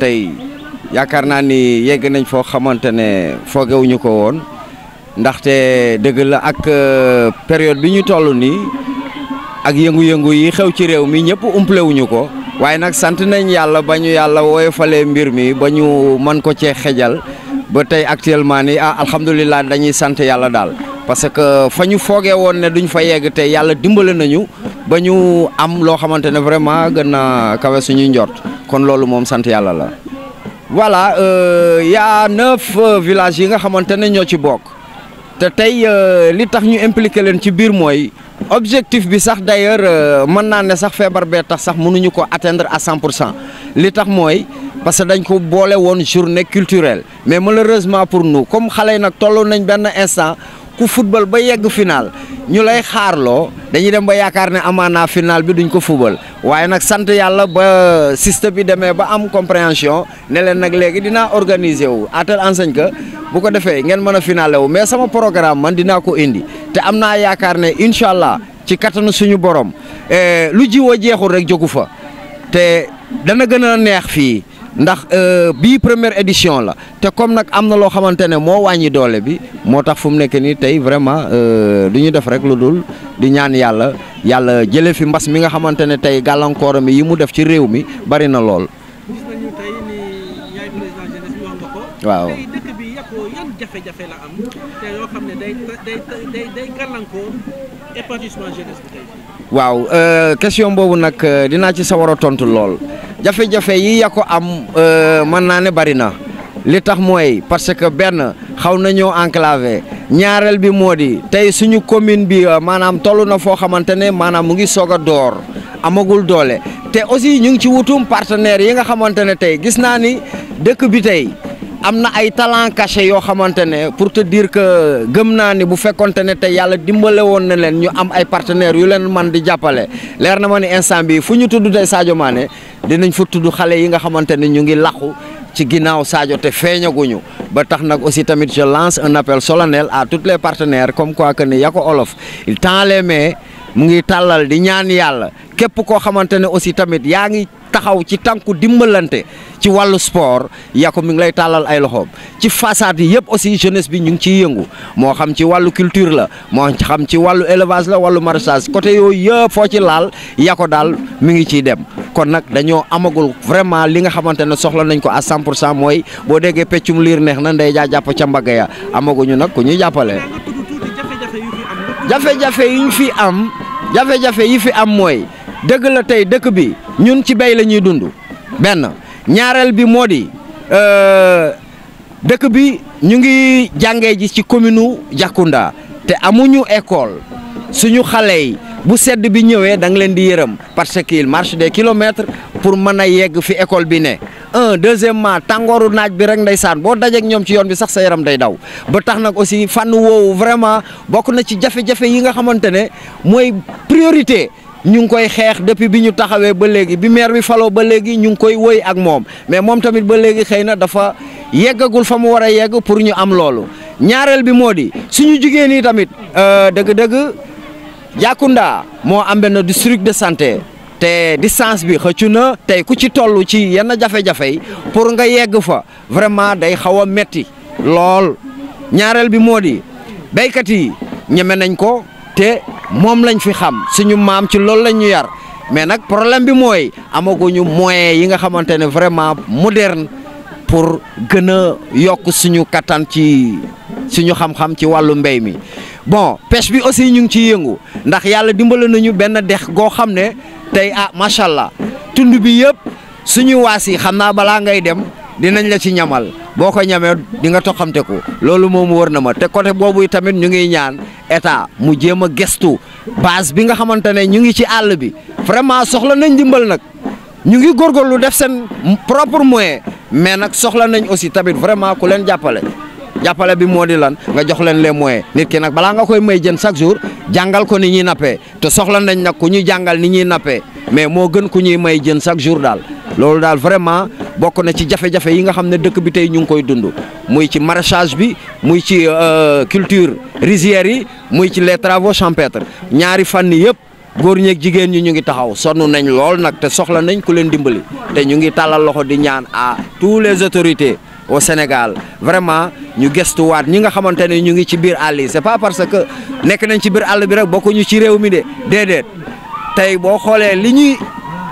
tey yaakaar naa ni yegg nañ foo xamante ne foogewuñu ko woon ndaxte dëgg la ak euh, période bi ñu toll nii ak yëngu-yëngu yi xew ci réew mi ñëpp umplewuñu ko waaye nag sant nañ yàlla ba ñu yàlla woyofalee mbir mi ba ñu mën ko cee xejal ba tey actuellement nii ah alhamdulilah dañuy sant yàlla daal parce fa ñu foogee ne duñ fa yegg tey yàlla dimbale nañu ba ñu am loo xamante ne vraiment gën na kawe suñuy njort kon loolu moom sant yàlla la voilà euh, y a neuf euh, yi nga xamante ne ñoo ci bokk te tey euh, li tax ñu impliqué leen ci biir mooy objectif bi sax d'ailleurs mën naa ne sax feebar bee tax sax mënuñu ko atteindre à 100 pour cent li tax mooy parce que dañ ko boole woon journée culturelle mais malheureusement pour nu comme xale yi nag tollu nañ benn instant ku football ba yegg final ñu lay xaarloo dañuy dem ba yaakaar ne amaanaa final bi duñ ko fubal waaye nag sant yàlla ba système bi demee ba am compréhension ne leen nag léegi dinaa organiser wu à telle enseigne bu ko defee ngeen mën a finale wu mais sama programme man dinaa ko indi te am naa yaakaar ne incha allah ci kattanu suñu borom eh, lu jiwoo jeexul rek jógu fa te dana gën a neex fii. ndax euh, bii première édition la te comme nag am na loo xamante ne moo wàññi doole bi moo tax fu mu nekk nii tey vraiment euh, du ñu def rek lu dul di ñaan yàlla yàlla jële fi mbas mi nga xamante ne tey gàllankooram yi mu def ci réew mi bari na lool. waaw jafe la am te euh, question boobu nag dinaa ci sawar a tontu lool. jafe-jafe yi ya ko am euh, mën naa ne bari na li tax mooy parce que benn xaw nañoo enclavé ñaareel bi moo di tey suñu commune bi euh, maanaam toll na foo xamante ne maanaam mu ngi soog a door amagul doole te aussi ñu ngi ci wutum partenaires yi nga xamante ne tey gis naa ni dëkk bi tey. am na ay talent caché yoo xamante ne pour te dire que gëm naa ni bu fekkonte ne tey yàlla dimbale woon na leen ñu am ay partenaires yu leen man di jàppale leer na ma ni instant bi fu ñu tudd tey Sadio Mané dinañ fa tudd xale yi nga xamante ne ñu ngi laqu ci ginnaaw saajo te feeñaguñu ba tax nag aussi tamit je lance un appel solennel à tous les partenaires comme quoi que ni ya olof il tend les mains mu ngi tàllal di ñaan yàlla képp koo xamante ne aussi tamit yaa ngi. taxaw ci tànku dimbalante ci wàllu sport Yakou mu ngi lay tàllal ay loxoom ci façade yi yëpp aussi jeunesse bi ñu ngi ciy yëngu moo xam ci wàllu culture la moo xam ci wàllu élevage la wàllu maraîchage côté yooyu yëpp foo ci laal Yakou daal mi ngi ciy dem kon nag dañoo amagul vraiment li nga xamante ne soxla nañ ko à 100 pour cent mooy boo déggee peccum liir neex na ndey jaa jàpp ca mbagg ya amaguñu nag ku ñuy jàppale. jafe-jafe yi ñu fi am jafe-jafe yi fi am mooy dëgg la dëkk bi. ñun ci béy la ñuy dund benn ñaareel bi moo di euh, dëkk bi ñu ngi jàngee ji ci commune u Diakounda te amuñu école suñu xale yi bu sedd bi ñëwee da nga leen di yërëm parce qu'il marche des kilomètres pour mën a yegg fi école bi ne un deuxièmement tàngooru naaj bi rek ndeysaan boo dajeek ñoom ci yoon bi sax sa yaram day daw ba tax nag aussi fànn woowu vraiment bokk na ci jafe-jafe yi nga xamante ne mooy priorité ñu ngi koy xeex depuis bi ñu taxawee ba léegi bi maire bi falo ba léegi ñu ngi koy wëy ak moom mais moom tamit ba léegi xëy na dafa yeggagul fa mu war a yegg pour ñu am loolu ñaareel bi moo di suñu jigéen yi tamit euh, dëgg-dëgg Diakounda moo am benn district de santé te distance bi xëccu na tey ku ci toll ci yenn jafe-jafe yi pour nga yegg fa vraiment day xaw a metti lool ñaareel bi moo di béykat yi ñeme nañ ko te moom lañ fi xam suñu maam ci loolu lañ ñu yar mais nag problème bi mooy amaguñu moyens yi nga xamante ne vraiment moderne pour gën a yokk suñu kattan ci suñu xam-xam ci wàllu mbéy mi. bon pêche bi aussi ñu ngi ciy yëngu ndax yàlla dimbale nañu benn dex goo xam ne tey ah macha allah tund bi yëpp suñu waas yi xam naa balaa ngay dem dinañ la ci ñamal. boo ko ñamee di nga toxamte ko loolu moom wër na ma te côté boobu tamit ñu ngi ñaan état mu jéem a gestu base bi nga xamante ne ñu ngi ci àll bi vraiment soxla nañ dimbal nag ñu ngi lu def seen propre moyen mais nag soxla nañ aussi tamit vraiment ku leen jàppale jàppale bi moo di lan nga jox leen les moyens nit ki nag balaa nga koy may jën chaque jour jàngal ko ni ñuy nappee te soxla nañ nag ku ñuy jàngal ni ñuy nappee mais moo gën ku ñuy may jën chaque jour daal loolu daal vraiment bokk na ci jafe-jafe yi nga xam ne dëkk bi tey ñu ngi koy dund muy ci maraîchage bi muy ci euh, culture rizières yi muy ci les travaux champêtres ñaari fànn yëpp góor ñeeg jigéen ñi ñu ngi taxaw sonn nañ lool nag te soxla nañ ku leen dimbali te ñu ngi tàllal loxo di ñaan à tous les autorités au Sénégal vraiment ñu gestuwaat ñi nga xamante ne ñu ngi ci biir àll yi c'est pas parce que nekk nañ ci biir àll bi rek bokkuñu ci réew mi de déedéet tey boo xoolee li ñuy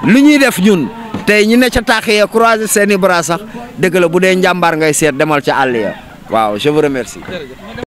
li ñuy def ñun. tey ñi ne ca taax ya croiser seen i bras sax dëgg la bu dee njàmbaar ngay seet demal ca àll waaw je vous remercie.